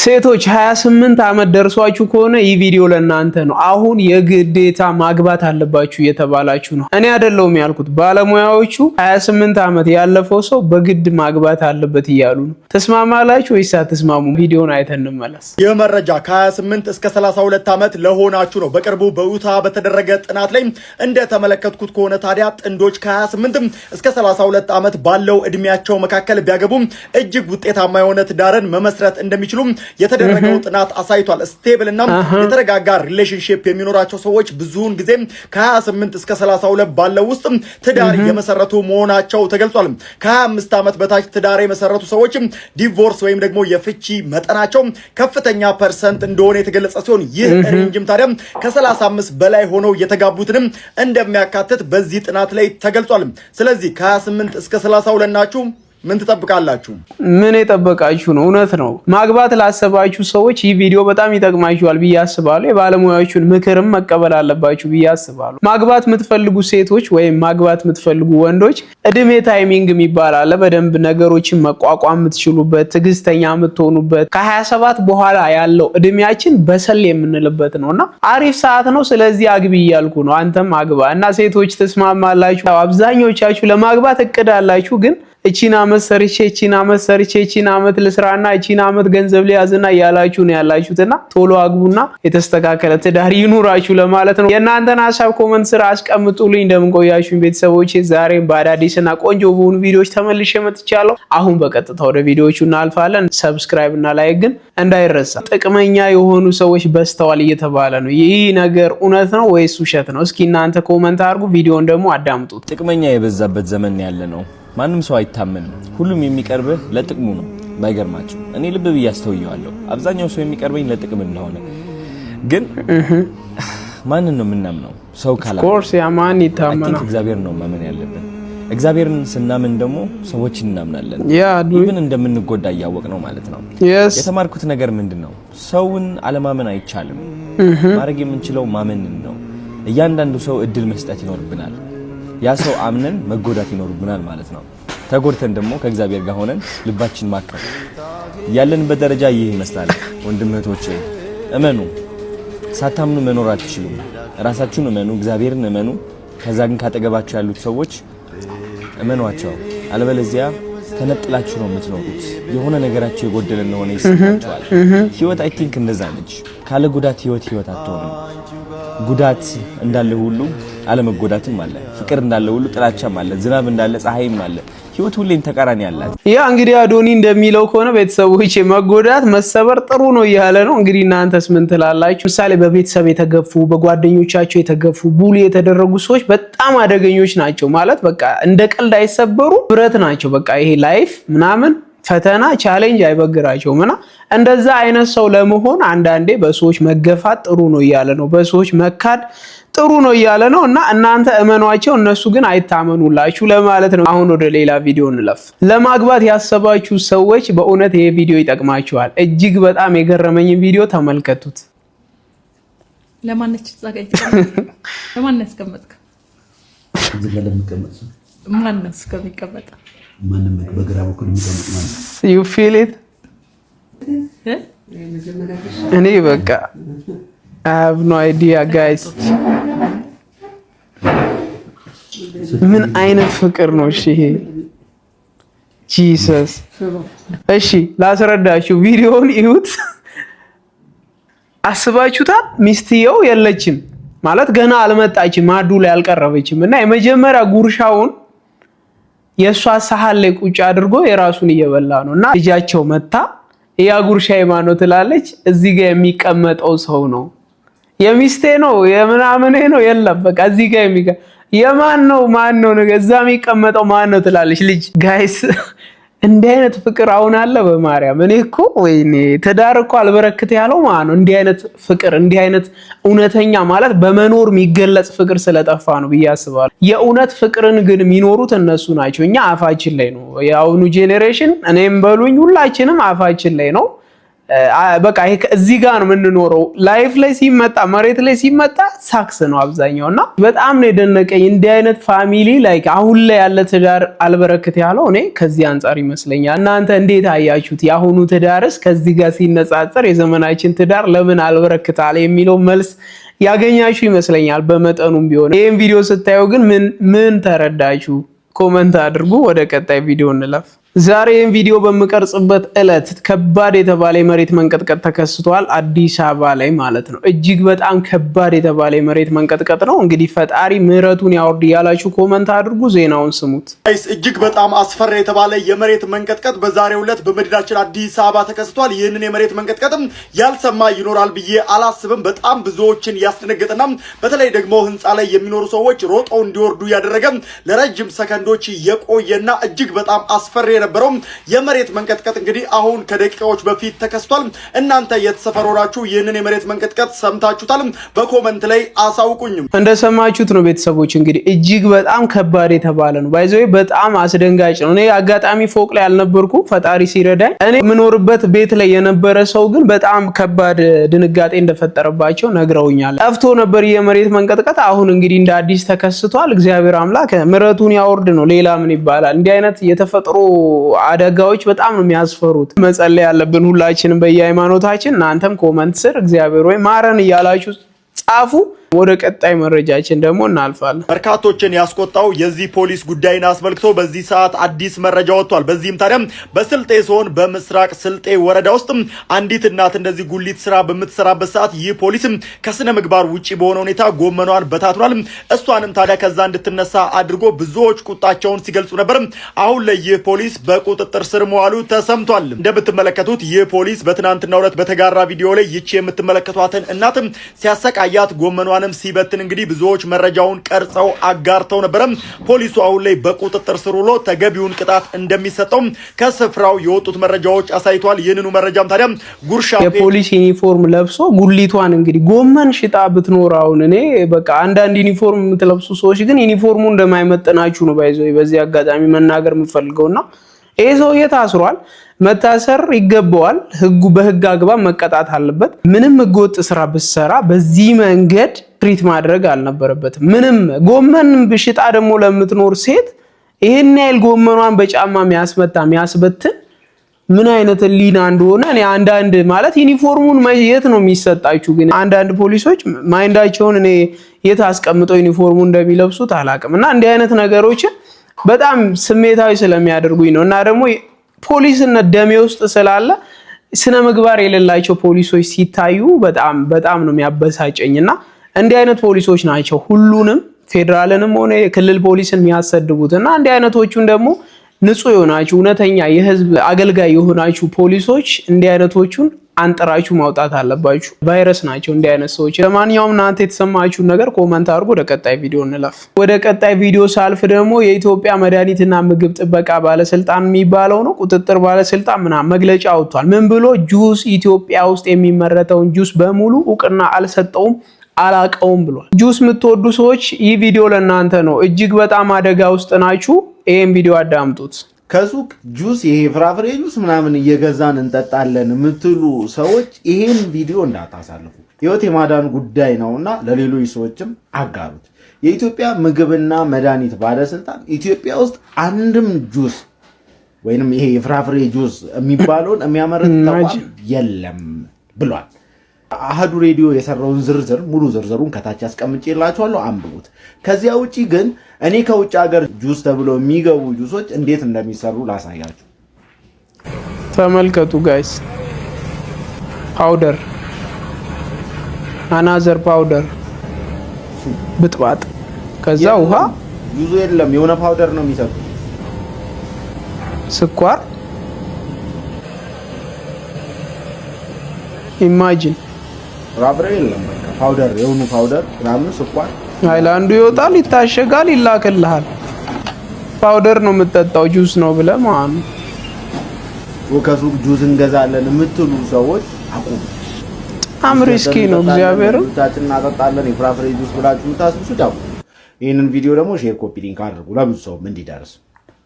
ሴቶች 28 ዓመት ደርሷችሁ ከሆነ ይህ ቪዲዮ ለእናንተ ነው። አሁን የግዴታ ማግባት አለባችሁ እየተባላችሁ ነው። እኔ አይደለሁም ያልኩት፣ ባለሙያዎቹ 28 ዓመት ያለፈው ሰው በግድ ማግባት አለበት እያሉ ነው። ተስማማላችሁ ወይስ አትስማሙ? ቪዲዮን አይተን እንመለስ። ይህ መረጃ ከ28 እስከ 32 ዓመት ለሆናችሁ ነው። በቅርቡ በዩታ በተደረገ ጥናት ላይ እንደተመለከትኩት ከሆነ ታዲያ ጥንዶች ከ28 እስከ 32 ዓመት ባለው እድሜያቸው መካከል ቢያገቡም እጅግ ውጤታማ የሆነ ትዳርን መመስረት እንደሚችሉም የተደረገው ጥናት አሳይቷል። ስቴብል እና የተረጋጋ ሪሌሽንሽፕ የሚኖራቸው ሰዎች ብዙውን ጊዜም ከ28 እስከ 32 ባለው ውስጥ ትዳር የመሰረቱ መሆናቸው ተገልጿል። ከ25 ዓመት በታች ትዳር የመሰረቱ ሰዎች ዲቮርስ ወይም ደግሞ የፍቺ መጠናቸው ከፍተኛ ፐርሰንት እንደሆነ የተገለጸ ሲሆን ይህ ሬንጅም ታዲያ ከ35 በላይ ሆነው የተጋቡትንም እንደሚያካትት በዚህ ጥናት ላይ ተገልጿል። ስለዚህ ከ28 እስከ 32 ናችሁ ምን ትጠብቃላችሁ? ምን የጠበቃችሁ ነው? እውነት ነው። ማግባት ላሰባችሁ ሰዎች ይህ ቪዲዮ በጣም ይጠቅማችኋል ብዬ አስባለሁ። የባለሙያዎቹን ምክርም መቀበል አለባችሁ ብዬ አስባለሁ። ማግባት የምትፈልጉ ሴቶች ወይም ማግባት የምትፈልጉ ወንዶች እድሜ ታይሚንግ የሚባል አለ። በደንብ ነገሮችን መቋቋም የምትችሉበት ትዕግስተኛ የምትሆኑበት ከ27 በኋላ ያለው እድሜያችን በሰል የምንልበት ነው እና አሪፍ ሰዓት ነው። ስለዚህ አግቢ እያልኩ ነው። አንተም አግባ እና ሴቶች ትስማማላችሁ። አብዛኞቻችሁ ለማግባት እቅድ አላችሁ ግን እቺና አመት ሰርቼ እቺን አመት ሰርቼ እቺን አመት ልስራና እቺን አመት ገንዘብ ሊያዝና እያላችሁ ነው ያላችሁትና ቶሎ አግቡና የተስተካከለ ትዳር ይኑራችሁ ለማለት ነው። የእናንተን ሀሳብ ኮመንት ስራ አስቀምጡልኝ። እንደምንቆያችሁኝ ቤተሰቦች፣ ዛሬም በአዳዲስና ቆንጆ በሆኑ ቪዲዮዎች ተመልሼ መጥቻለሁ። አሁን በቀጥታ ወደ ቪዲዮዎቹ እናልፋለን። ሰብስክራይብ እና ላይክ ግን እንዳይረሳ። ጥቅመኛ የሆኑ ሰዎች በስተዋል እየተባለ ነው። ይህ ነገር እውነት ነው ወይስ ውሸት ነው? እስኪ እናንተ ኮመንት አድርጉ። ቪዲዮን ደግሞ አዳምጡት። ጥቅመኛ የበዛበት ዘመን ያለ ነው። ማንም ሰው አይታመንም። ሁሉም የሚቀርብህ ለጥቅሙ ነው። ባይገርማቸው እኔ ልብ ብዬ አስተውየዋለሁ። አብዛኛው ሰው የሚቀርበኝ ለጥቅም እንደሆነ ግን ማንን ነው የምናምነው? ሰው ካላ ያማን ይታመናል። እግዚአብሔር ነው ማመን ያለብን። እግዚአብሔርን ስናምን ደግሞ ሰዎችን እናምናለን። ኢቭን እንደምንጎዳ እያወቅ ነው ማለት ነው። የተማርኩት ነገር ምንድን ነው? ሰውን አለማመን አይቻልም። ማድረግ የምንችለው ማመንን ነው። እያንዳንዱ ሰው እድል መስጠት ይኖርብናል። ያ ሰው አምነን መጎዳት ይኖርብናል ማለት ነው። ተጎድተን ደግሞ ከእግዚአብሔር ጋር ሆነን ልባችን ማከም ያለንበት ደረጃ ይህ ይመስላል። ወንድም እመኑ። ሳታምኑ መኖር አትችሉም። ራሳችሁን እመኑ፣ እግዚአብሔርን እመኑ። ከዛ ግን ካጠገባችሁ ያሉት ሰዎች እመኗቸው። አለበለዚያ ተነጥላችሁ ነው የምትኖሩት። የሆነ ነገራችሁ የጎደለ እንደሆነ ይሰማችኋል። ህይወት አይ ቲንክ እንደዛ ነች። ካለ ጉዳት ህይወት ህይወት አትሆንም። ጉዳት እንዳለ ሁሉ አለመጎዳትም አለ። ፍቅር እንዳለ ሁሉ ጥላቻም አለ። ዝናብ እንዳለ ፀሐይም አለ። ህይወት ሁሌም ተቃራኒ አላት። ያ እንግዲህ አዶኒ እንደሚለው ከሆነ ቤተሰቦች መጎዳት፣ መሰበር ጥሩ ነው እያለ ነው። እንግዲህ እናንተስ ምን ትላላችሁ? ምሳሌ በቤተሰብ የተገፉ በጓደኞቻቸው የተገፉ ቡል የተደረጉ ሰዎች በጣም አደገኞች ናቸው። ማለት በቃ እንደ ቀልድ አይሰበሩ ብረት ናቸው። በቃ ይሄ ላይፍ ምናምን ፈተና ቻሌንጅ አይበግራቸውም እና እንደዛ አይነት ሰው ለመሆን አንዳንዴ በሰዎች መገፋት ጥሩ ነው እያለ ነው። በሰዎች መካድ ጥሩ ነው እያለ ነው እና እናንተ እመኗቸው፣ እነሱ ግን አይታመኑላችሁ ለማለት ነው። አሁን ወደ ሌላ ቪዲዮ እንለፍ። ለማግባት ያሰባችሁ ሰዎች በእውነት ይሄ ቪዲዮ ይጠቅማችኋል። እጅግ በጣም የገረመኝ ቪዲዮ ተመልከቱት። ለማነች ማነስ ከሚቀመጥ በግራ በኩል የሚቀመጥ ማለት ዩ ፊል ኢት እኔ በቃ አሀቭ ኖ አይዲያ ጋይስ፣ ምን አይነት ፍቅር ነው! እሺ ይሄ ጂሰስ። እሺ ላስረዳችሁ፣ ቪዲዮውን ይዩት አስባችሁታል? ሚስትየው የለችም ማለት ገና አልመጣችም፣ ማዱ ላይ አልቀረበችም። እና የመጀመሪያ ጉርሻውን የእሷ ሳህን ላይ ቁጭ አድርጎ የራሱን እየበላ ነው እና ልጃቸው መታ ያ ጉርሻ የማነው ትላለች። እዚህ ጋር የሚቀመጠው ሰው ነው የሚስቴ ነው የምናምኔ ነው የለም። በቃ እዚህ ጋር የሚጋ የማን ነው ማን ነው ነገ እዛ የሚቀመጠው ማን ነው ትላለች ልጅ። ጋይስ እንዲህ አይነት ፍቅር አሁን አለ በማርያም። እኔ እኮ ወይኔ ትዳር እኮ አልበረክት ያለው ማ ነው? እንዲህ አይነት ፍቅር እንዲህ አይነት እውነተኛ ማለት በመኖር የሚገለጽ ፍቅር ስለጠፋ ነው ብዬ አስባለሁ። የእውነት ፍቅርን ግን የሚኖሩት እነሱ ናቸው። እኛ አፋችን ላይ ነው። የአሁኑ ጄኔሬሽን እኔም በሉኝ ሁላችንም አፋችን ላይ ነው በቃ እዚህ ጋር ነው የምንኖረው። ላይፍ ላይ ሲመጣ መሬት ላይ ሲመጣ ሳክስ ነው አብዛኛው እና በጣም ነው የደነቀኝ እንዲህ አይነት ፋሚሊ ላይ አሁን ላይ ያለ ትዳር አልበረክት ያለው እኔ ከዚህ አንጻር ይመስለኛል። እናንተ እንዴት አያችሁት? የአሁኑ ትዳርስ ከዚህ ጋር ሲነጻጸር የዘመናችን ትዳር ለምን አለ የሚለው መልስ ያገኛችሁ ይመስለኛል በመጠኑም ቢሆን። ይህም ቪዲዮ ስታዩ ግን ምን ምን ተረዳችሁ? ኮመንት አድርጉ። ወደ ቀጣይ ቪዲዮ እንለፍ። ዛሬ ይህን ቪዲዮ በምቀርጽበት እለት ከባድ የተባለ የመሬት መንቀጥቀጥ ተከስቷል። አዲስ አበባ ላይ ማለት ነው። እጅግ በጣም ከባድ የተባለ የመሬት መንቀጥቀጥ ነው። እንግዲህ ፈጣሪ ምሕረቱን ያወርድ እያላችሁ ኮመንት አድርጉ፣ ዜናውን ስሙት። እጅግ በጣም አስፈሪ የተባለ የመሬት መንቀጥቀጥ በዛሬው እለት በመዲናችን አዲስ አበባ ተከስቷል። ይህንን የመሬት መንቀጥቀጥም ያልሰማ ይኖራል ብዬ አላስብም። በጣም ብዙዎችን ያስደነገጠና በተለይ ደግሞ ህንፃ ላይ የሚኖሩ ሰዎች ሮጠው እንዲወርዱ ያደረገ ለረጅም ሰከንዶች የቆየና እጅግ በጣም አስፈሪ የነበረው የመሬት መንቀጥቀጥ እንግዲህ አሁን ከደቂቃዎች በፊት ተከስቷል። እናንተ የተሰፈሮራችሁ ይህንን የመሬት መንቀጥቀጥ ሰምታችሁታል? በኮመንት ላይ አሳውቁኝም። እንደሰማችሁት ነው ቤተሰቦች፣ እንግዲህ እጅግ በጣም ከባድ የተባለ ነው። ባይዘ በጣም አስደንጋጭ ነው። እኔ አጋጣሚ ፎቅ ላይ አልነበርኩ ፈጣሪ ሲረዳኝ። እኔ የምኖርበት ቤት ላይ የነበረ ሰው ግን በጣም ከባድ ድንጋጤ እንደፈጠረባቸው ነግረውኛል። ጠፍቶ ነበር የመሬት መንቀጥቀጥ፣ አሁን እንግዲህ እንደ አዲስ ተከስቷል። እግዚአብሔር አምላክ ምረቱን ያወርድ ነው። ሌላ ምን ይባላል? እንዲህ አይነት የተፈጥሮ አደጋዎች በጣም ነው የሚያስፈሩት። መጸለይ ያለብን ሁላችንም በየሃይማኖታችን። እናንተም ኮመንት ስር እግዚአብሔር ወይ ማረን እያላችሁ ጻፉ። ወደ ቀጣይ መረጃችን ደግሞ እናልፋለን። በርካቶችን ያስቆጣው የዚህ ፖሊስ ጉዳይን አስመልክቶ በዚህ ሰዓት አዲስ መረጃ ወጥቷል። በዚህም ታዲያ በስልጤ ዞን በምስራቅ ስልጤ ወረዳ ውስጥ አንዲት እናት እንደዚህ ጉሊት ስራ በምትሰራበት ሰዓት ይህ ፖሊስ ከስነ ምግባር ውጪ በሆነ ሁኔታ ጎመኗን በታትኗል። እሷንም ታዲያ ከዛ እንድትነሳ አድርጎ ብዙዎች ቁጣቸውን ሲገልጹ ነበር። አሁን ላይ ይህ ፖሊስ በቁጥጥር ስር መዋሉ ተሰምቷል። እንደምትመለከቱት ይህ ፖሊስ በትናንትናው ዕለት በተጋራ ቪዲዮ ላይ ይቺ የምትመለከቷትን እናት ሲያሰቃያት ጎመኗን ኃይሏንም ሲበትን እንግዲህ ብዙዎች መረጃውን ቀርጸው አጋርተው ነበረ። ፖሊሱ አሁን ላይ በቁጥጥር ስር ውሎ ተገቢውን ቅጣት እንደሚሰጠው ከስፍራው የወጡት መረጃዎች አሳይቷል። ይህንኑ መረጃም ታዲያ ጉርሻ የፖሊስ ዩኒፎርም ለብሶ ጉሊቷን እንግዲህ ጎመን ሽጣ ብትኖር አሁን እኔ በቃ አንዳንድ ዩኒፎርም የምትለብሱ ሰዎች ግን ዩኒፎርሙ እንደማይመጥናችሁ ነው ባይዞ በዚህ አጋጣሚ መናገር የምፈልገውና ይህ ሰውዬ ታስሯል። መታሰር ይገባዋል። ህጉ በህግ አግባብ መቀጣት አለበት። ምንም ህገወጥ ስራ ብትሰራ በዚህ መንገድ ትሪት ማድረግ አልነበረበትም። ምንም ጎመን ብሽጣ ደግሞ ለምትኖር ሴት ይህን ያህል ጎመኗን በጫማ የሚያስመታ የሚያስበትን ምን አይነት ሊና እንደሆነ እኔ አንዳንድ ማለት ዩኒፎርሙን የት ነው የሚሰጣችሁ? ግን አንዳንድ ፖሊሶች ማይንዳቸውን እኔ የት አስቀምጠው ዩኒፎርሙ እንደሚለብሱት አላቅም። እና እንዲህ አይነት ነገሮችን በጣም ስሜታዊ ስለሚያደርጉኝ ነው። እና ደግሞ ፖሊስነት ደሜ ውስጥ ስላለ ስነ ምግባር የሌላቸው ፖሊሶች ሲታዩ በጣም በጣም ነው የሚያበሳጨኝ እና እንዲህ አይነት ፖሊሶች ናቸው ሁሉንም ፌዴራልንም ሆነ የክልል ፖሊስን የሚያሰድቡት እና እንዲህ አይነቶቹን ደግሞ ንጹህ የሆናችሁ እውነተኛ የህዝብ አገልጋይ የሆናችሁ ፖሊሶች እንዲህ አይነቶቹን አንጥራችሁ ማውጣት አለባችሁ። ቫይረስ ናቸው እንዲህ አይነት ሰዎች። ለማንኛውም እናንተ የተሰማችሁን ነገር ኮመንት አድርጎ ወደ ቀጣይ ቪዲዮ እንለፍ። ወደ ቀጣይ ቪዲዮ ሳልፍ ደግሞ የኢትዮጵያ መድኃኒትና ምግብ ጥበቃ ባለስልጣን የሚባለው ነው ቁጥጥር ባለስልጣን ምናምን መግለጫ አውጥቷል። ምን ብሎ ጁስ ኢትዮጵያ ውስጥ የሚመረተውን ጁስ በሙሉ እውቅና አልሰጠውም አላቀውም ብሏል። ጁስ የምትወዱ ሰዎች ይህ ቪዲዮ ለእናንተ ነው። እጅግ በጣም አደጋ ውስጥ ናችሁ። ይህም ቪዲዮ አዳምጡት። ከሱቅ ጁስ ይሄ ፍራፍሬ ጁስ ምናምን እየገዛን እንጠጣለን የምትሉ ሰዎች ይሄን ቪዲዮ እንዳታሳልፉ፣ ህይወት የማዳን ጉዳይ እና ለሌሎች ሰዎችም አጋሩት። የኢትዮጵያ ምግብና መድኃኒት ባለስልጣን ኢትዮጵያ ውስጥ አንድም ጁስ ወይም ይሄ የፍራፍሬ ጁስ የሚባለውን የሚያመርት ተቋም የለም ብሏል። አህዱ ሬዲዮ የሰራውን ዝርዝር ሙሉ ዝርዝሩን ከታች አስቀምጬላችኋለሁ፣ አንብቡት። ከዚያ ውጪ ግን እኔ ከውጭ ሀገር ጁስ ተብለው የሚገቡ ጁሶች እንዴት እንደሚሰሩ ላሳያችሁ። ተመልከቱ ጋይስ፣ ፓውደር፣ አናዘር ፓውደር፣ ብጥባጥ፣ ከዛ ውሃ። ጁዙ የለም የሆነ ፓውደር ነው የሚሰሩ፣ ስኳር ኢማጂን ራብረ የለም በቃ ፓውደር የሆኑ ፓውደር ምናምን ስኳር ሃይላንዱ ይወጣል፣ ይታሸጋል፣ ይላክልሃል። ፓውደር ነው የምጠጣው ጁስ ነው ብለህ ማን ከሱቅ ጁስ እንገዛለን የምትሉ ሰዎች አቁም። በጣም ሪስኪ ነው። እግዚአብሔር ታችን እናጠጣለን የፍራፍሬ ጁስ ብላችሁ የምታስብሱት አቁም። ይህንን ቪዲዮ ደግሞ ሼር፣ ኮፒ ሊንክ አድርጉ ለብዙ ሰውም እንዲደርስ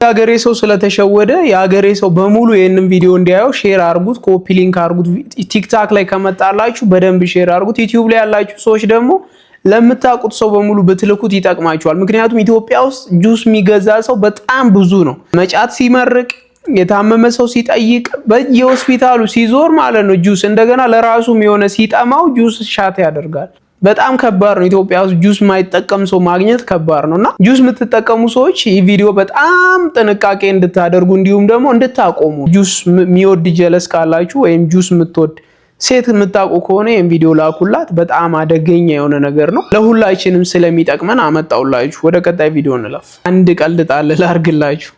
የሀገሬ ሰው ስለተሸወደ የሀገሬ ሰው በሙሉ ይህንን ቪዲዮ እንዲያየው ሼር አርጉት፣ ኮፒ ሊንክ አርጉት። ቲክታክ ላይ ከመጣላችሁ በደንብ ሼር አርጉት። ዩቲዩብ ላይ ያላችሁ ሰዎች ደግሞ ለምታውቁት ሰው በሙሉ ብትልኩት ይጠቅማችኋል። ምክንያቱም ኢትዮጵያ ውስጥ ጁስ የሚገዛ ሰው በጣም ብዙ ነው። መጫት ሲመርቅ የታመመ ሰው ሲጠይቅ በየሆስፒታሉ ሲዞር ማለት ነው ጁስ እንደገና ለራሱም የሆነ ሲጠማው ጁስ ሻት ያደርጋል። በጣም ከባድ ነው። ኢትዮጵያ ውስጥ ጁስ የማይጠቀም ሰው ማግኘት ከባድ ነው እና ጁስ የምትጠቀሙ ሰዎች ይህ ቪዲዮ በጣም ጥንቃቄ እንድታደርጉ እንዲሁም ደግሞ እንድታቆሙ ጁስ የሚወድ ጀለስ ካላችሁ ወይም ጁስ የምትወድ ሴት የምታውቁ ከሆነ ይህም ቪዲዮ ላኩላት። በጣም አደገኛ የሆነ ነገር ነው። ለሁላችንም ስለሚጠቅመን አመጣውላችሁ። ወደ ቀጣይ ቪዲዮ እንለፍ። አንድ ቀልድ ጣል ላርግላችሁ።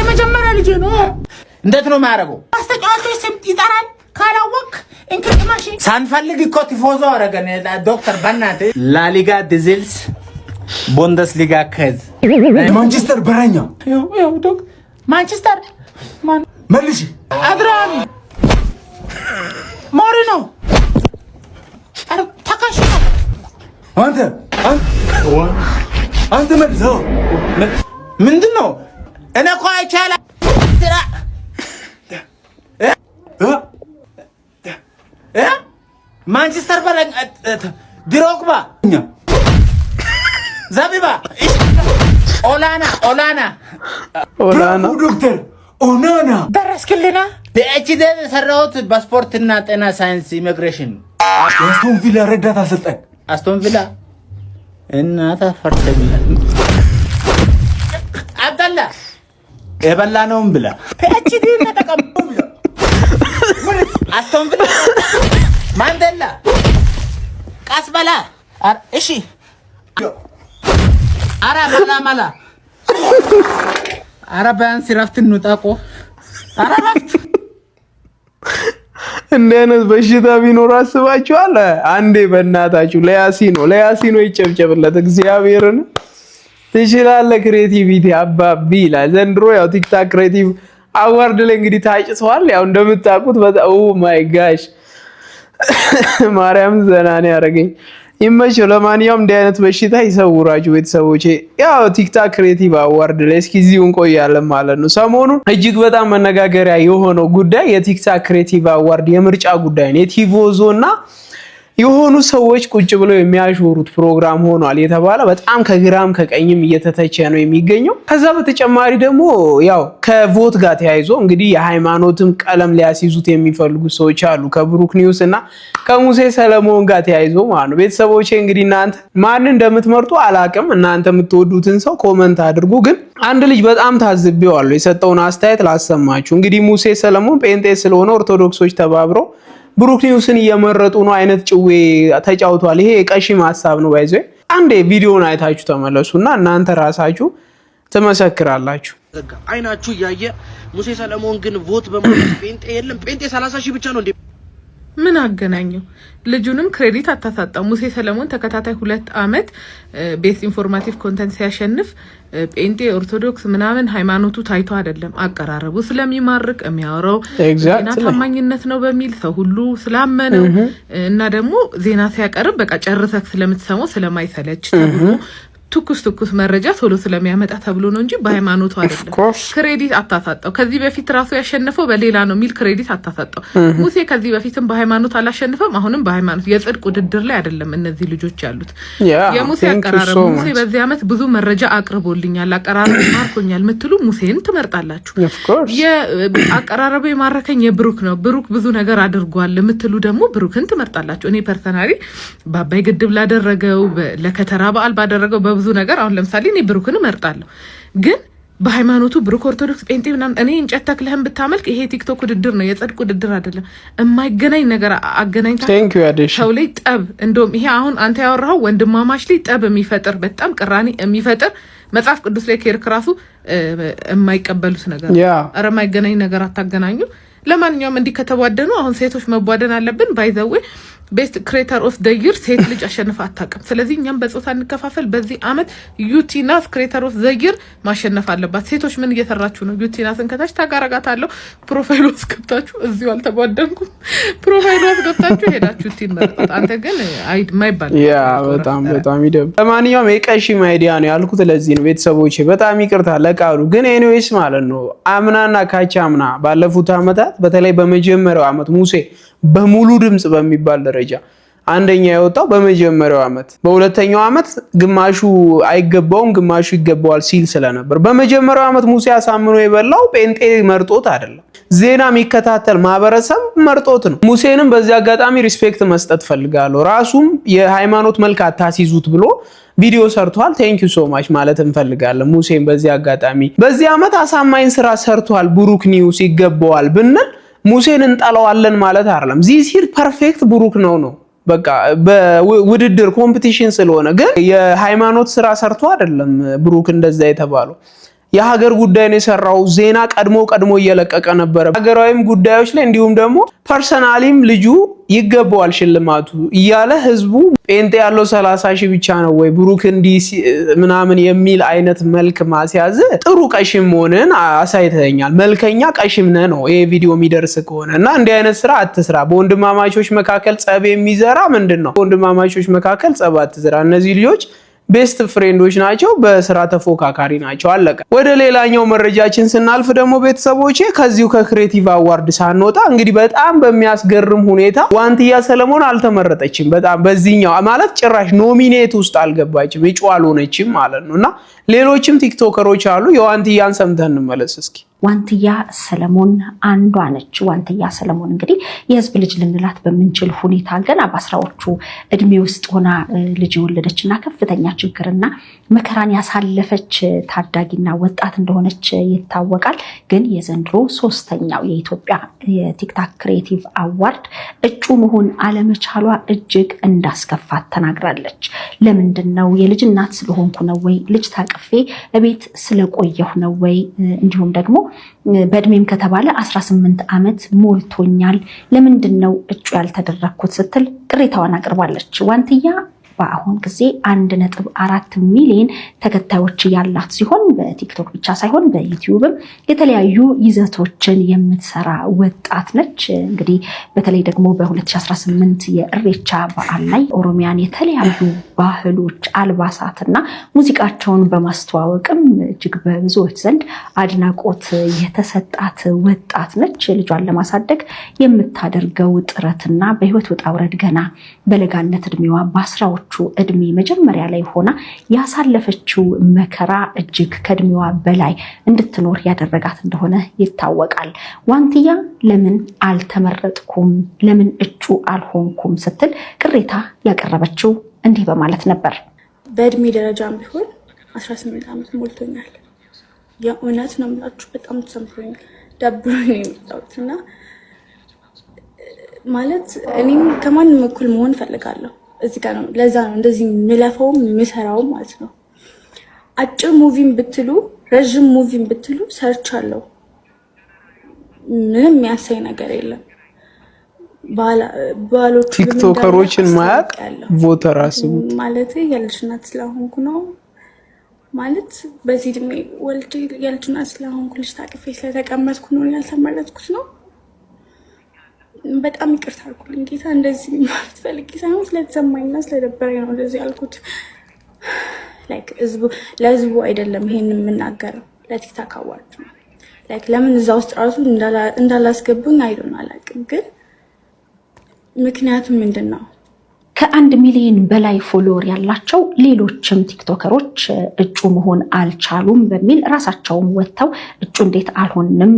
የመጀመሪያ ነው። እንዴት ነው የማያደርገው? ስም ይጠራል ካላወቅ እንቅልፍ ማሽን ሳንፈልግ እኮ ቲፎዞ አረገን። ዶክተር በናት ላሊጋ ድዝልስ ቦንደስ ሊጋ ከዝ ማንቸስተር በረኛ ማንቸስተር መልሽ አድራን ሞሪኖ ተካሽ አንተ አንተ መልስ ምንድን ነው እኔ እኮ አይቻልም ማንቸስተር ድሮግባ፣ ዘቢባ፣ ኦላና ኦላና ኦላና ዶክተር ኦናና ደረስክልና በኤችዲ የሰራሁት በስፖርትና ጤና ሳይንስ ኢሚግሬሽን አስቶን ቪላ ረዳት አሰልጣኝ አስቶን ቪላ እናታ ፈርተኛል አብዳላ የበላ ብላ ፒኤችዲ ተጠቀሙ ብላ ነበር። አስቶን ቪላ፣ ማንዴላ፣ ቃስበላ። እሺ አረ መላ መላ አረ ቢያንስ ረፍት እንውጣቆ አረ ረፍት እንደ አይነት በሽታ ቢኖር አስባችኋል? አንዴ በእናታችሁ ለያሲኖ ለያሲኖ ይጨብጨብለት። እግዚአብሔርን ትችላለህ። ክሬቲቪቲ አባቢ ይላል ዘንድሮ ያው ቲክታክ ክሬቲቭ አዋርድ ላይ እንግዲህ ታጭሰዋል። ያው እንደምታውቁት በጣም ኦ ማይ ጋሽ ማርያም ዘናኔ ያደረገኝ ይመቸው። ለማንኛውም እንዲህ አይነት በሽታ ይሰውራችሁ ቤተሰቦቼ። ያው ቲክታክ ክሬቲቭ አዋርድ ላይ እስኪ እዚሁ እንቆያለን ማለት ነው። ሰሞኑን እጅግ በጣም መነጋገሪያ የሆነው ጉዳይ የቲክታክ ክሬቲቭ አዋርድ የምርጫ ጉዳይ ነው የቲቮዞ እና የሆኑ ሰዎች ቁጭ ብለው የሚያሾሩት ፕሮግራም ሆኗል የተባለ በጣም ከግራም ከቀኝም እየተተቸ ነው የሚገኘው። ከዛ በተጨማሪ ደግሞ ያው ከቮት ጋር ተያይዞ እንግዲህ የሃይማኖትም ቀለም ሊያስይዙት የሚፈልጉ ሰዎች አሉ ከብሩክ ኒውስ እና ከሙሴ ሰለሞን ጋር ተያይዞ ማለት ነው። ቤተሰቦቼ እንግዲህ እናንተ ማን እንደምትመርጡ አላቅም። እናንተ የምትወዱትን ሰው ኮመንት አድርጉ። ግን አንድ ልጅ በጣም ታዝቤዋለሁ። የሰጠውን አስተያየት ላሰማችሁ። እንግዲህ ሙሴ ሰለሞን ጴንጤ ስለሆነ ኦርቶዶክሶች ተባብረው ብሩክ ኒውስን እየመረጡ ነው አይነት ጭዌ ተጫውቷል። ይሄ የቀሺም ሀሳብ ነው። ባይዘ አንዴ ቪዲዮን አይታችሁ ተመለሱ እና እናንተ ራሳችሁ ትመሰክራላችሁ። አይናችሁ እያየ ሙሴ ሰለሞን ግን ቮት በማለት ጴንጤ የለም ጴንጤ ሰላሳ ሺህ ብቻ ነው እንዴ ምን አገናኘው? ልጁንም ክሬዲት አታሳጣ። ሙሴ ሰለሞን ተከታታይ ሁለት አመት ቤስት ኢንፎርማቲቭ ኮንተንት ሲያሸንፍ ጴንጤ፣ ኦርቶዶክስ ምናምን ሃይማኖቱ ታይቶ አይደለም። አቀራረቡ ስለሚማርክ የሚያወራው ዜና ታማኝነት ነው በሚል ሰው ሁሉ ስላመነው እና ደግሞ ዜና ሲያቀርብ በቃ ጨርሰክ ስለምትሰማው ስለማይሰለች ተብሎ ትኩስ ትኩስ መረጃ ቶሎ ስለሚያመጣ ተብሎ ነው እንጂ በሃይማኖቱ አይደለም። ክሬዲት አታሳጠው። ከዚህ በፊት ራሱ ያሸነፈው በሌላ ነው የሚል ክሬዲት አታሳጠው። ሙሴ ከዚህ በፊትም በሃይማኖት አላሸንፈም አሁንም በሃይማኖት የጽድቅ ውድድር ላይ አይደለም እነዚህ ልጆች ያሉት። የሙሴ አቀራረብ ሙሴ በዚህ ዓመት ብዙ መረጃ አቅርቦልኛል፣ አቀራረብ ማርኮኛል ምትሉ ሙሴን ትመርጣላችሁ። አቀራረቡ የማረከኝ የብሩክ ነው፣ ብሩክ ብዙ ነገር አድርጓል ምትሉ ደግሞ ብሩክን ትመርጣላችሁ። እኔ ፐርሰናሊ በአባይ ግድብ ላደረገው ለከተራ በዓል ባደረገው በብዙ ነገር አሁን ለምሳሌ እኔ ብሩክን እመርጣለሁ ግን በሃይማኖቱ ብሩክ ኦርቶዶክስ ጴንጤ ምናምን እኔ እንጨት ተክለህን ብታመልክ ይሄ ቲክቶክ ውድድር ነው፣ የጽድቅ ውድድር አይደለም። የማይገናኝ ነገር አገናኝታ ሰው ላይ ጠብ እንደውም ይሄ አሁን አንተ ያወራኸው ወንድማማች ላይ ጠብ የሚፈጥር በጣም ቅራኔ የሚፈጥር መጽሐፍ ቅዱስ ላይ ከርክ ራሱ የማይቀበሉት ነገር ኧረ የማይገናኝ ነገር አታገናኙ። ለማንኛውም እንዲህ ከተቧደኑ አሁን ሴቶች መቧደን አለብን ባይዘዌ ቤስት ክሬተር ኦፍ ደ ይር ሴት ልጅ አሸንፈ አታውቅም። ስለዚህ እኛም በፆታ እንከፋፈል። በዚህ አመት ዩቲናስ ክሬተር ኦፍ ዘ ይር ማሸነፍ አለባት። ሴቶች ምን እየሰራችሁ ነው? ዩቲናስን ከታች ታጋረጋታለሁ። ፕሮፋይሉ አስገብታችሁ እዚሁ አልተጓደንኩም። ፕሮፋይሉ አስገብታችሁ ሄዳችሁ ዩቲን መርጣት። አንተ ግን ማይባል በጣም በጣም ይደብ ለማንኛውም የቀሺ ማይዲያ ነው ያልኩት ለዚህ ነው። ቤተሰቦች በጣም ይቅርታ ለቃሉ ግን ኤኒዌይስ ማለት ነው አምናና ካቻ አምና ባለፉት አመታት በተለይ በመጀመሪያው አመት ሙሴ በሙሉ ድምፅ በሚባል ደረጃ አንደኛ የወጣው በመጀመሪያው ዓመት፣ በሁለተኛው ዓመት ግማሹ አይገባውም ግማሹ ይገባዋል ሲል ስለነበር በመጀመሪያው ዓመት ሙሴ አሳምኖ የበላው ጴንጤ መርጦት አይደለም፣ ዜና የሚከታተል ማህበረሰብ መርጦት ነው። ሙሴንም በዚህ አጋጣሚ ሪስፔክት መስጠት ፈልጋለሁ። ራሱም የሃይማኖት መልክ አታሲዙት ብሎ ቪዲዮ ሰርቷል። ቴንክ ዩ ሶ ማች ማለት እንፈልጋለን ሙሴን በዚህ አጋጣሚ። በዚህ ዓመት አሳማኝ ስራ ሰርቷል። ብሩክ ኒውስ ይገባዋል ብንል ሙሴን እንጠላዋለን ማለት አይደለም። ዚሲር ፐርፌክት ብሩክ ነው ነው በቃ በውድድር ኮምፒቲሽን ስለሆነ ግን የሃይማኖት ስራ ሰርቶ አይደለም ብሩክ እንደዛ የተባለው የሀገር ጉዳይን የሰራው ዜና ቀድሞ ቀድሞ እየለቀቀ ነበረ። ሀገራዊም ጉዳዮች ላይ እንዲሁም ደግሞ ፐርሰናሊም ልጁ ይገባዋል ሽልማቱ እያለ ህዝቡ ጴንጤ ያለው ሰላሳ ሺህ ብቻ ነው ወይ ብሩክ እንዲህ ምናምን የሚል አይነት መልክ ማስያዝ ጥሩ ቀሽም መሆንን አሳይተኛል። መልከኛ ቀሽም ነህ ነው ይሄ ቪዲዮ የሚደርስ ከሆነ እና እንዲህ አይነት ስራ አትስራ። በወንድማማቾች መካከል ጸብ የሚዘራ ምንድን ነው? በወንድማማቾች መካከል ጸብ አትዝራ። እነዚህ ልጆች ቤስት ፍሬንዶች ናቸው፣ በስራ ተፎካካሪ ናቸው። አለቀ። ወደ ሌላኛው መረጃችን ስናልፍ ደግሞ ቤተሰቦቼ ከዚሁ ከክሬቲቭ አዋርድ ሳንወጣ እንግዲህ በጣም በሚያስገርም ሁኔታ ዋንትያ ሰለሞን አልተመረጠችም። በጣም በዚህኛው ማለት ጭራሽ ኖሚኔት ውስጥ አልገባችም፣ እጩ አልሆነችም ማለት ነው። እና ሌሎችም ቲክቶከሮች አሉ። የዋንትያን ሰምተን እንመለስ እስኪ ዋንትያ ሰለሞን አንዷ ነች። ዋንትያ ሰለሞን እንግዲህ የህዝብ ልጅ ልንላት በምንችል ሁኔታ ገና በአስራዎቹ እድሜ ውስጥ ሆና ልጅ የወለደች እና ከፍተኛ ችግርና መከራን ያሳለፈች ታዳጊና ወጣት እንደሆነች ይታወቃል። ግን የዘንድሮ ሶስተኛው የኢትዮጵያ የቲክታክ ክሬቲቭ አዋርድ እጩ መሆን አለመቻሏ እጅግ እንዳስከፋት ተናግራለች። ለምንድን ነው? የልጅ እናት ስለሆንኩ ነው ወይ? ልጅ ታቅፌ እቤት ስለቆየሁ ነው ወይ? እንዲሁም ደግሞ በእድሜም ከተባለ 18 ዓመት ሞልቶኛል። ለምንድን ነው እጩ ያልተደረግኩት? ስትል ቅሬታዋን አቅርባለች። ዋንትያ በአሁን ጊዜ አንድ ነጥብ አራት ሚሊዮን ተከታዮች ያላት ሲሆን በቲክቶክ ብቻ ሳይሆን በዩቲዩብም የተለያዩ ይዘቶችን የምትሰራ ወጣት ነች። እንግዲህ በተለይ ደግሞ በ2018 የእሬቻ በዓል ላይ ኦሮሚያን የተለያዩ ባህሎች አልባሳትና ሙዚቃቸውን በማስተዋወቅም እጅግ በብዙዎች ዘንድ አድናቆት የተሰጣት ወጣት ነች። ልጇን ለማሳደግ የምታደርገው ጥረትና በህይወት ውጣ ውረድ ገና በለጋነት እድሜዋ በአስራዎች በልጆቹ እድሜ መጀመሪያ ላይ ሆና ያሳለፈችው መከራ እጅግ ከእድሜዋ በላይ እንድትኖር ያደረጋት እንደሆነ ይታወቃል። ዋንትያ ለምን አልተመረጥኩም፣ ለምን እጩ አልሆንኩም ስትል ቅሬታ ያቀረበችው እንዲህ በማለት ነበር። በእድሜ ደረጃም ቢሆን 18 ዓመት ሞልቶኛል። የእውነት ነው የምላችሁ በጣም ተሰምቶኝ ደብሮ ነው የመጣሁት እና ማለት እኔም ከማንም እኩል መሆን እፈልጋለሁ እዚህ ጋር ነው። ለዛ ነው እንደዚህ ምለፈውም ምሰራውም ማለት ነው። አጭር ሙቪን ብትሉ ረዥም ሙቪን ብትሉ ሰርች አለው ምንም የሚያሳይ ነገር የለም። ባሎቹ ቲክቶከሮችን ማያቅ ቮተር ራሱ ማለት ያለች እናት ስለሆንኩ ነው ማለት በዚህ እድሜ ወልጄ ያለች እናት ስለሆንኩ ልጅ ታቅፌ ስለተቀመጥኩ ነው ያልተመረጥኩት ነው በጣም ይቅርታ አልኩልኝ ጌታ። እንደዚህ ማለት ፈልጌ ሳይሆን ስለተሰማኝና ስለደበረኝ ነው እንደዚህ ያልኩት። ለህዝቡ አይደለም ይሄን የምናገረው ለቲክታክ አዋርድ ነው። ላይክ ለምን እዛ ውስጥ ራሱ እንዳላስገቡኝ አይዶን አላውቅም። ግን ምክንያቱም ምንድን ነው ከአንድ ሚሊዮን በላይ ፎሎወር ያላቸው ሌሎችም ቲክቶከሮች እጩ መሆን አልቻሉም በሚል ራሳቸውም ወጥተው እጩ እንዴት አልሆንም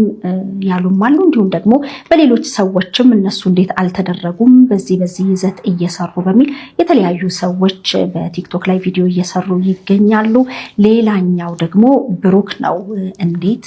ያሉም አሉ። እንዲሁም ደግሞ በሌሎች ሰዎችም እነሱ እንዴት አልተደረጉም በዚህ በዚህ ይዘት እየሰሩ በሚል የተለያዩ ሰዎች በቲክቶክ ላይ ቪዲዮ እየሰሩ ይገኛሉ። ሌላኛው ደግሞ ብሩክ ነው እንዴት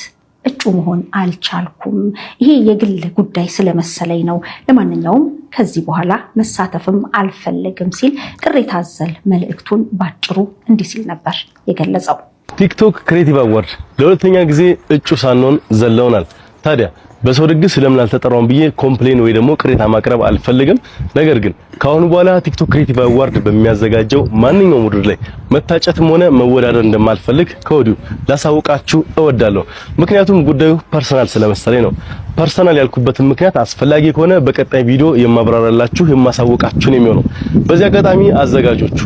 እጩ መሆን አልቻልኩም፣ ይሄ የግል ጉዳይ ስለመሰለኝ ነው። ለማንኛውም ከዚህ በኋላ መሳተፍም አልፈለግም ሲል ቅሬታ አዘል መልእክቱን ባጭሩ እንዲህ ሲል ነበር የገለጸው። ቲክቶክ ክሬቲቭ አዋርድ ለሁለተኛ ጊዜ እጩ ሳንሆን ዘለውናል። ታዲያ በሰው ድግስ ስለምን አልተጠራውም ብዬ ኮምፕሌን ወይ ደግሞ ቅሬታ ማቅረብ አልፈልግም። ነገር ግን ከአሁን በኋላ ቲክቶክ ክሬቲቭ አዋርድ በሚያዘጋጀው ማንኛውም ውድድር ላይ መታጨትም ሆነ መወዳደር እንደማልፈልግ ከወዲሁ ላሳውቃችሁ እወዳለሁ። ምክንያቱም ጉዳዩ ፐርሰናል ስለመሰለኝ ነው። ፐርሰናል ያልኩበትን ምክንያት አስፈላጊ ከሆነ በቀጣይ ቪዲዮ የማብራራላችሁ የማሳውቃችሁ ነው የሚሆነው። በዚህ አጋጣሚ አዘጋጆቹ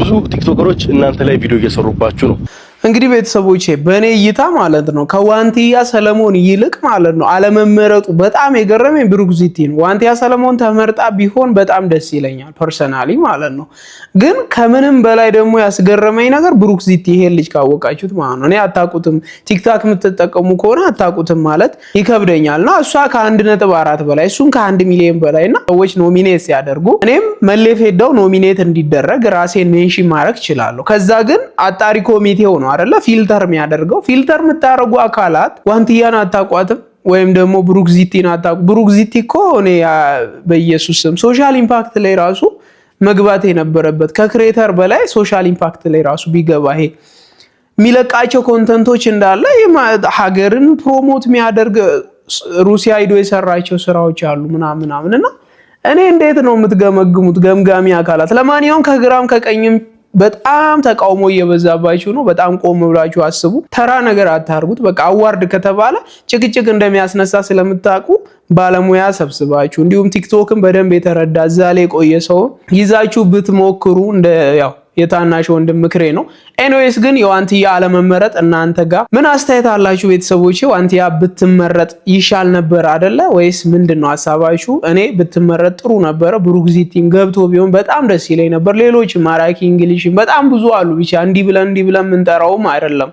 ብዙ ቲክቶከሮች እናንተ ላይ ቪዲዮ እየሰሩባችሁ ነው። እንግዲህ ቤተሰቦቼ በእኔ እይታ ማለት ነው ከዋንቲያ ሰለሞን ይልቅ ማለት ነው አለመመረጡ በጣም የገረመኝ ብሩክዚቲ ነው። ዋንቲያ ሰለሞን ተመርጣ ቢሆን በጣም ደስ ይለኛል ፐርሰናሊ ማለት ነው። ግን ከምንም በላይ ደግሞ ያስገረመኝ ነገር ብሩክዚቲ ይሄን ልጅ ካወቃችሁት ማለት ነው እኔ አታቁትም፣ ቲክታክ የምትጠቀሙ ከሆነ አታቁትም ማለት ይከብደኛል። እና እሷ ከአንድ ነጥብ አራት በላይ እሱም ከአንድ ሚሊዮን በላይ እና ሰዎች ኖሚኔት ሲያደርጉ እኔም መሌፌዳው ኖሚኔት እንዲደረግ ራሴን ሜንሽን ማድረግ እችላለሁ። ከዛ ግን አጣሪ ኮሚቴው ነው አይደለ? ፊልተር የሚያደርገው ፊልተር የምታደርጉ አካላት ዋንትያን አታቋትም ወይም ደግሞ ብሩክዚቲን አታቁ። ብሩክዚቲ እኮ እኔ በኢየሱስ ስም ሶሻል ኢምፓክት ላይ ራሱ መግባት የነበረበት ከክሬተር በላይ ሶሻል ኢምፓክት ላይ ራሱ ቢገባ ይሄ የሚለቃቸው ኮንተንቶች እንዳለ ሀገርን ፕሮሞት የሚያደርግ ሩሲያ ሂዶ የሰራቸው ስራዎች አሉ ምናምን ምናምን እና እኔ እንዴት ነው የምትገመግሙት? ገምጋሚ አካላት ለማንኛውም ከግራም ከቀኝም በጣም ተቃውሞ እየበዛባችሁ ነው። በጣም ቆም ብላችሁ አስቡ። ተራ ነገር አታርጉት። በቃ አዋርድ ከተባለ ጭቅጭቅ እንደሚያስነሳ ስለምታውቁ ባለሙያ ሰብስባችሁ እንዲሁም ቲክቶክን በደንብ የተረዳ እዛ ላይ የቆየ ሰውን ይዛችሁ ብትሞክሩ ያው የታናሽ ወንድም ምክሬ ነው። ኤንዌስ ግን የዋንትያ አለመመረጥ እናንተ ጋር ምን አስተያየት አላችሁ ቤተሰቦቼ? ዋንትያ ብትመረጥ ይሻል ነበር አደለ ወይስ ምንድን ነው ሀሳባችሁ? እኔ ብትመረጥ ጥሩ ነበረ። ብሩክዚቲም ገብቶ ቢሆን በጣም ደስ ይለኝ ነበር። ሌሎች ማራኪ እንግሊሽ በጣም ብዙ አሉ። ብቻ እንዲህ ብለን እንዲህ ብለን የምንጠራውም አይደለም።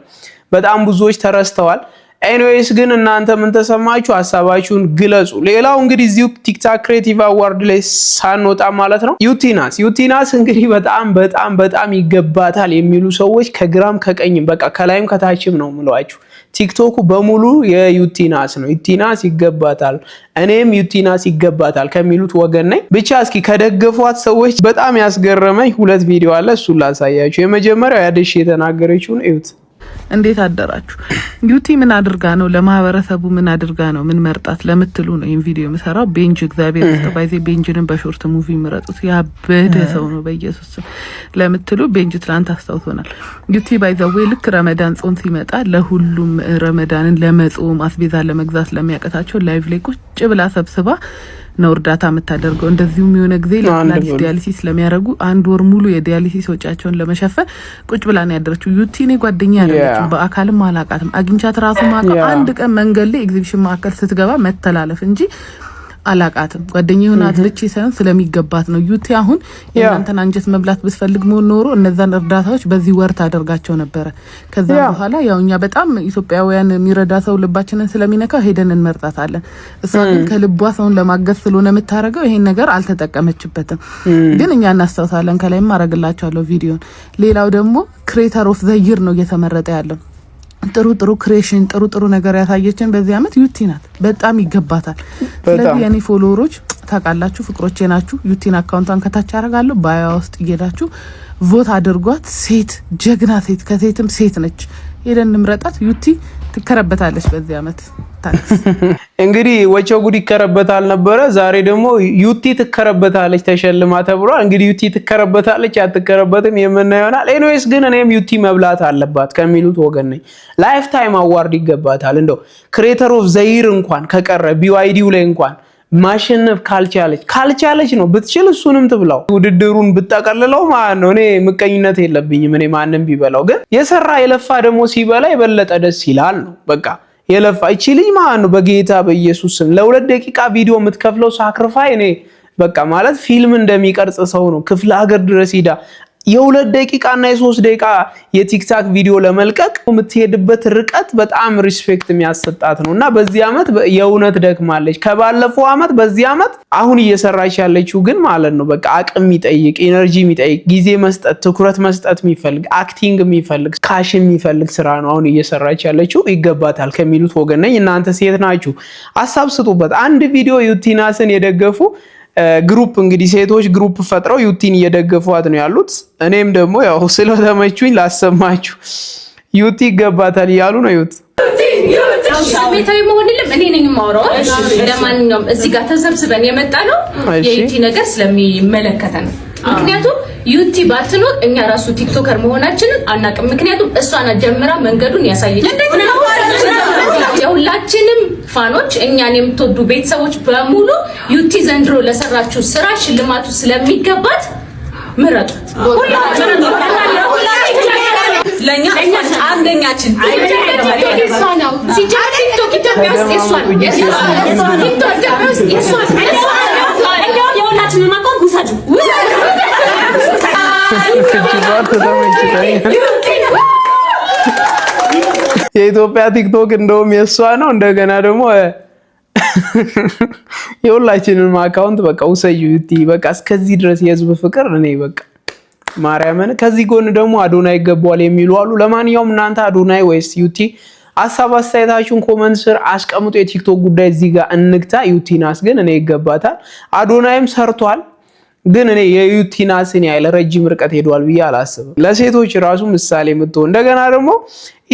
በጣም ብዙዎች ተረስተዋል። ኤኒዌይስ ግን እናንተ ምን ተሰማችሁ? ሀሳባችሁን ግለጹ። ሌላው እንግዲህ እዚሁ ቲክታክ ክሬቲቭ አዋርድ ላይ ሳንወጣ ማለት ነው ዩቲናስ ዩቲናስ እንግዲህ በጣም በጣም በጣም ይገባታል የሚሉ ሰዎች ከግራም ከቀኝም በቃ ከላይም ከታችም ነው ምለዋችሁ። ቲክቶኩ በሙሉ የዩቲናስ ነው። ዩቲናስ ይገባታል፣ እኔም ዩቲናስ ይገባታል ከሚሉት ወገን ነኝ። ብቻ እስኪ ከደገፏት ሰዎች በጣም ያስገረመኝ ሁለት ቪዲዮ አለ፣ እሱን ላሳያችሁ። የመጀመሪያው ያደሽ የተናገረችውን እዩት። እንዴት አደራችሁ። ዩቲ ምን አድርጋ ነው ለማህበረሰቡ ምን አድርጋ ነው ምን መርጣት ለምትሉ ነው ይህን ቪዲዮ የምሰራው። ቤንጅ እግዚአብሔር ስጠባይዜ ቤንጅንን በሾርት ሙቪ ምረጡት፣ ያበደ ሰው ነው በኢየሱስ ለምትሉ ቤንጅ ትላንት አስታውሶናል። ዩቲ ባይዘዌ ልክ ረመዳን ጾም ሲመጣ ለሁሉም ረመዳንን ለመጾም አስቤዛ ለመግዛት ለሚያቀታቸው ላይቭ ላይ ቁጭ ብላ ሰብስባ ነው እርዳታ የምታደርገው። እንደዚሁም የሆነ ጊዜ ለፕላቲስ ዲያሊሲስ ለሚያደርጉ አንድ ወር ሙሉ የዲያሊሲስ ወጪያቸውን ለመሸፈን ቁጭ ብላ ነው ያደረችው። ዩቲ እኔ ጓደኛ ያደረችው በአካልም አላቃትም አግኝቻት ራሱ ማቀ አንድ ቀን መንገድ ላይ ኤግዚቢሽን ማዕከል ስትገባ መተላለፍ እንጂ አላቃትም ጓደኛ የሆናት ልቼ ሳይሆን ስለሚገባት ነው። ዩቲ አሁን የእናንተን አንጀት መብላት ብትፈልግ ኖሮ እነዛን እርዳታዎች በዚህ ወር ታደርጋቸው ነበረ። ከዛ በኋላ ያው እኛ በጣም ኢትዮጵያውያን የሚረዳ ሰው ልባችንን ስለሚነካው ሄደን እንመርጣታለን። እሷ ግን ከልቧ ሰውን ለማገዝ ስለሆነ የምታደርገው ይሄን ነገር አልተጠቀመችበትም። ግን እኛ እናስታውሳለን። ከላይም አረግላቸዋለሁ ቪዲዮን። ሌላው ደግሞ ክሬተር ኦፍ ዘይር ነው እየተመረጠ ያለው ጥሩ ጥሩ ክሬሽን ጥሩ ጥሩ ነገር ያሳየችን በዚህ አመት ዩቲ ናት። በጣም ይገባታል። ስለዚህ የኔ ፎሎወሮች ታውቃላችሁ፣ ፍቅሮቼ ናችሁ። ዩቲን አካውንቷን ከታች አደርጋለሁ። ባያ ውስጥ እየሄዳችሁ ቮት አድርጓት። ሴት ጀግና ሴት፣ ከሴትም ሴት ነች። ሄደን እንምረጣት። ዩቲ ትከረበታለች በዚህ አመት። እንግዲህ ወቸው ጉድ ይከረበታል ነበረ። ዛሬ ደግሞ ዩቲ ትከረበታለች ተሸልማ ተብሏል። እንግዲህ ዩቲ ትከረበታለች አትከረበትም የምና ይሆናል። ኤኒዌይስ ግን እኔም ዩቲ መብላት አለባት ከሚሉት ወገን ነኝ። ላይፍ ታይም አዋርድ ይገባታል። እንደው ክሬተር ኦፍ ዘይር እንኳን ከቀረ ቢዋይዲው ላይ እንኳን ማሸነፍ ካልቻለች ካልቻለች ነው ብትችል እሱንም ትብላው ውድድሩን ብጠቀልለው ማለት ነው። እኔ ምቀኝነት የለብኝም እኔ ማንም ቢበላው፣ ግን የሰራ የለፋ ደግሞ ሲበላ የበለጠ ደስ ይላል ነው በቃ የለፋች ልጅ ማለት ነው። በጌታ በኢየሱስ ስም ለሁለት ደቂቃ ቪዲዮ የምትከፍለው ሳክሪፋይ እኔ በቃ ማለት ፊልም እንደሚቀርጽ ሰው ነው። ክፍለ ሀገር ድረስ ሂዳ የሁለት ደቂቃ እና የሶስት ደቂቃ የቲክታክ ቪዲዮ ለመልቀቅ የምትሄድበት ርቀት በጣም ሪስፔክት የሚያሰጣት ነው እና በዚህ ዓመት የእውነት ደክማለች ከባለፈው ዓመት በዚህ ዓመት አሁን እየሰራች ያለችው ግን ማለት ነው በቃ አቅም የሚጠይቅ ኤነርጂ የሚጠይቅ ጊዜ መስጠት ትኩረት መስጠት የሚፈልግ አክቲንግ የሚፈልግ ካሽ የሚፈልግ ስራ ነው አሁን እየሰራች ያለችው ይገባታል ከሚሉት ወገን ነኝ እናንተ ሴት ናችሁ አሳብ ስጡበት አንድ ቪዲዮ ዩቲናስን የደገፉ ግሩፕ እንግዲህ ሴቶች ግሩፕ ፈጥረው ዩቲን እየደገፏት ነው ያሉት። እኔም ደግሞ ያው ስለተመቹኝ ላሰማችሁ። ዩቲ ይገባታል እያሉ ነው። ዩት ስሜታዊ መሆን የለም። እኔ ነኝ የማወራው። ለማንኛውም እዚህ ጋር ተሰብስበን የመጣ ነው የዩቲ ነገር ስለሚመለከተ ነው። ምክንያቱም ዩቲ ባትኖር እኛ ራሱ ቲክቶከር መሆናችንን አናቅም። ምክንያቱም እሷን ጀምራ መንገዱን ያሳየች የሁላችንም ፋኖች እኛን የምትወዱ ቤተሰቦች በሙሉ ዩቲ ዘንድሮ ለሰራችሁ ስራ ሽልማቱ ስለሚገባት ምረጡ። ለእኛ አንደኛችን ቲክቶክ ኢትዮጵያ ውስጥ የእሷን የሁላችንን አካውንት ውሰዱ። የኢትዮጵያ ቲክቶክ እንደውም የእሷ ነው። እንደገና ደግሞ የሁላችንም አካውንት በቃ ውሰዩቲ በቃ እስከዚህ ድረስ የህዝብ ፍቅር እኔ በቃ ማርያምን ከዚህ ጎን ደግሞ አዶናይ ይገባዋል የሚሉ አሉ። ለማንኛውም እናንተ አዶናይ ወይስ ዩቲ? ሀሳብ አስተያየታችሁን ኮመንት ስር አስቀምጦ የቲክቶክ ጉዳይ እዚህ ጋር እንግታ። ዩቲናስ ግን እኔ ይገባታል። አዶናይም ሰርቷል። ግን እኔ የዩቲናስን ያህል ረጅም ርቀት ሄዷል ብዬ አላስብም። ለሴቶች ራሱ ምሳሌ የምትሆን እንደገና ደግሞ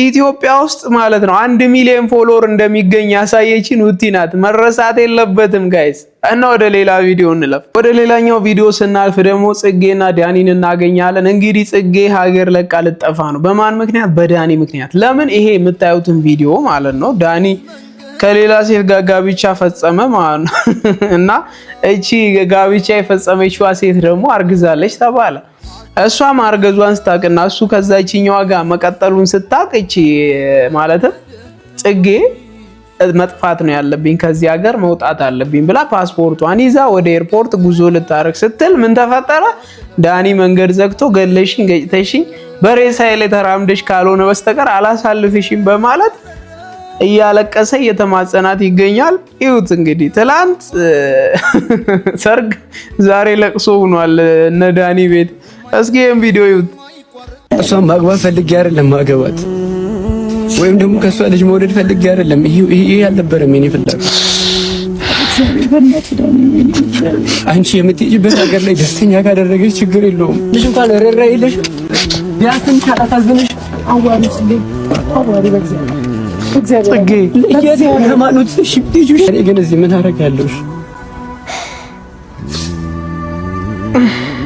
ኢትዮጵያ ውስጥ ማለት ነው አንድ ሚሊዮን ፎሎወር እንደሚገኝ ያሳየችን ዩቲናት መረሳት የለበትም ጋይስ። እና ወደ ሌላ ቪዲዮ እንለፍ። ወደ ሌላኛው ቪዲዮ ስናልፍ ደግሞ ጽጌና ዳኒን እናገኛለን። እንግዲህ ጽጌ ሀገር ለቃ ልጠፋ ነው። በማን ምክንያት? በዳኒ ምክንያት። ለምን ይሄ የምታዩትን ቪዲዮ ማለት ነው ዳኒ ከሌላ ሴት ጋር ጋብቻ ፈጸመ ማለት ነው። እና እቺ ጋብቻ የፈጸመችዋ ሴት ደግሞ አርግዛለች ተባለ። እሷ ማርገዟን ስታቅና እሱ ከዛችኛዋ ጋር መቀጠሉን ስታቅ እቺ ማለትም ጽጌ መጥፋት ነው ያለብኝ፣ ከዚህ ሀገር መውጣት አለብኝ ብላ ፓስፖርቷን ይዛ ወደ ኤርፖርት ጉዞ ልታረግ ስትል ምን ተፈጠረ? ዳኒ መንገድ ዘግቶ ገለሽኝ፣ ገጭተሽኝ፣ በሬሳዬ ላይ ተራምደሽ ካልሆነ በስተቀር አላሳልፍሽም በማለት እያለቀሰ እየተማጸናት ይገኛል። ይሁት እንግዲህ ትላንት ሰርግ፣ ዛሬ ለቅሶ ሆኗል እነ ዳኒ ቤት። እስኪ ይህም ቪዲዮ ይሁት። እሷን ማግባት ፈልጌ አይደለም ማገባት ወይም ደግሞ ከእሷ ልጅ መውደድ ፈልጌ አይደለም። ይሄ አልነበረም የኔ ፍላጎት። አንቺ የምትሄጂበት ሀገር ላይ ደስተኛ ካደረገች ችግር የለውም። ልጅ እንኳን ረራ የለሽ ቢያትን ካላታዝንሽ አዋሪ ስሌ አዋሪ በግዜ ጽጌ ሃይማኖት ግን እዚህ ምን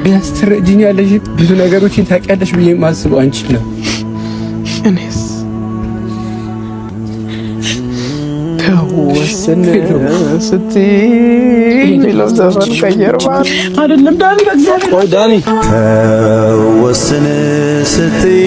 ቢያንስ ትረጂኛለሽ፣ ብዙ ነገሮችን ታውቂያለሽ ብዬ የማስበው አንቺ ነው። እኔስ ተወስን ስትይ ዳኒ፣ በእግዚአብሔር ስትይ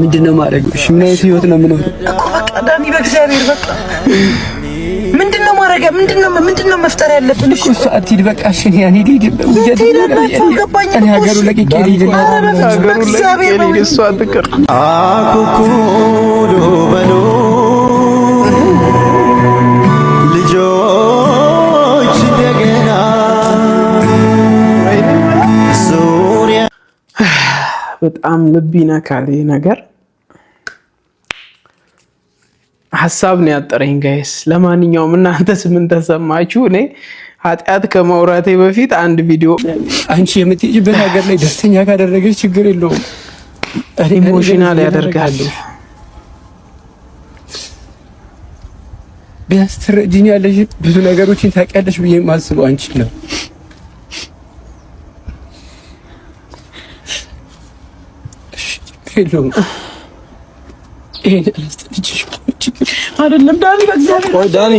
ምንድነው ወይስ እሺ ምን አይነት ህይወት ነው የምኖረው እኮ በቃ ዳኒ፣ በእግዚአብሔር በቃ ምንድን ማድረግ ምንድን ነው መፍጠር ያለብን? እሺ እሱ አትሂድ በቃ እሺ። እኔ እኔ ልሂድ እኔ ሀገሩ ለቅቄ ልሂድ እና በሉ ልጆ በጣም ልብ ይነካል ይህ ነገር። ሀሳብ ነው ያጠረኝ ጋይስ። ለማንኛውም እናንተስ ምን ተሰማችሁ? እኔ ኃጢአት ከማውራቴ በፊት አንድ ቪዲዮ አንቺ የምትሄጂበት ሀገር ላይ ደስተኛ ካደረገች ችግር የለውም። ኢሞሽናል ያደርጋሉ። ቢያንስ ትረጅኛለሽ፣ ብዙ ነገሮችን ታውቂያለሽ ብዬ የማስበው አንቺ ነው። አይደለም ዳኒ፣ በእግዚአብሔር ቆይ፣ ዳኒ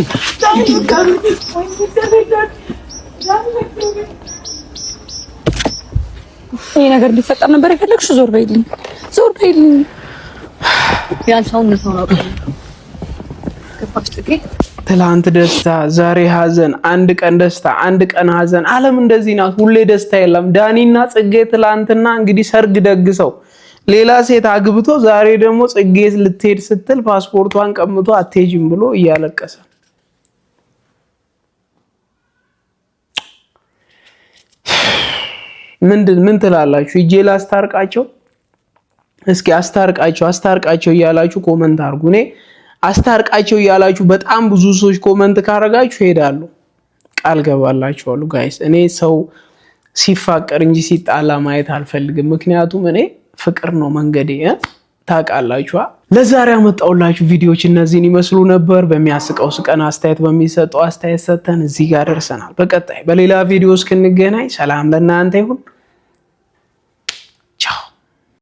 ይሄ ነገር ሊፈጠር ነበር የፈለግሽው? ዞር በይልኝ፣ ዞር በይልኝ። ትላንት ደስታ፣ ዛሬ ሀዘን አንድ ቀን ደስታ፣ አንድ ቀን ሀዘን ዓለም እንደዚህ ናት። ሁሌ ደስታ የለም። ዳኒና ጽጌ ትላንትና እንግዲህ ሰርግ ደግሰው ሌላ ሴት አግብቶ ዛሬ ደግሞ ጽጌ ልትሄድ ስትል ፓስፖርቷን ቀምቶ አትሄጂም ብሎ እያለቀሰ ምንድን ምን ትላላችሁ? እጄ ላስታርቃቸው? እስኪ አስታርቃቸው አስታርቃቸው እያላችሁ ኮመንት አርጉ። እኔ አስታርቃቸው እያላችሁ በጣም ብዙ ሰዎች ኮመንት ካረጋችሁ ሄዳሉ። ቃል ገባላችኋሉ ጋይስ። እኔ ሰው ሲፋቀር እንጂ ሲጣላ ማየት አልፈልግም። ምክንያቱም እኔ ፍቅር ነው መንገዴ። ታውቃላችኋ። ለዛሬ ያመጣውላችሁ ቪዲዮዎች እነዚህን ይመስሉ ነበር። በሚያስቀው ስቀን አስተያየት በሚሰጠው አስተያየት ሰጥተን እዚህ ጋር ደርሰናል። በቀጣይ በሌላ ቪዲዮ እስክንገናኝ ሰላም ለእናንተ ይሁን።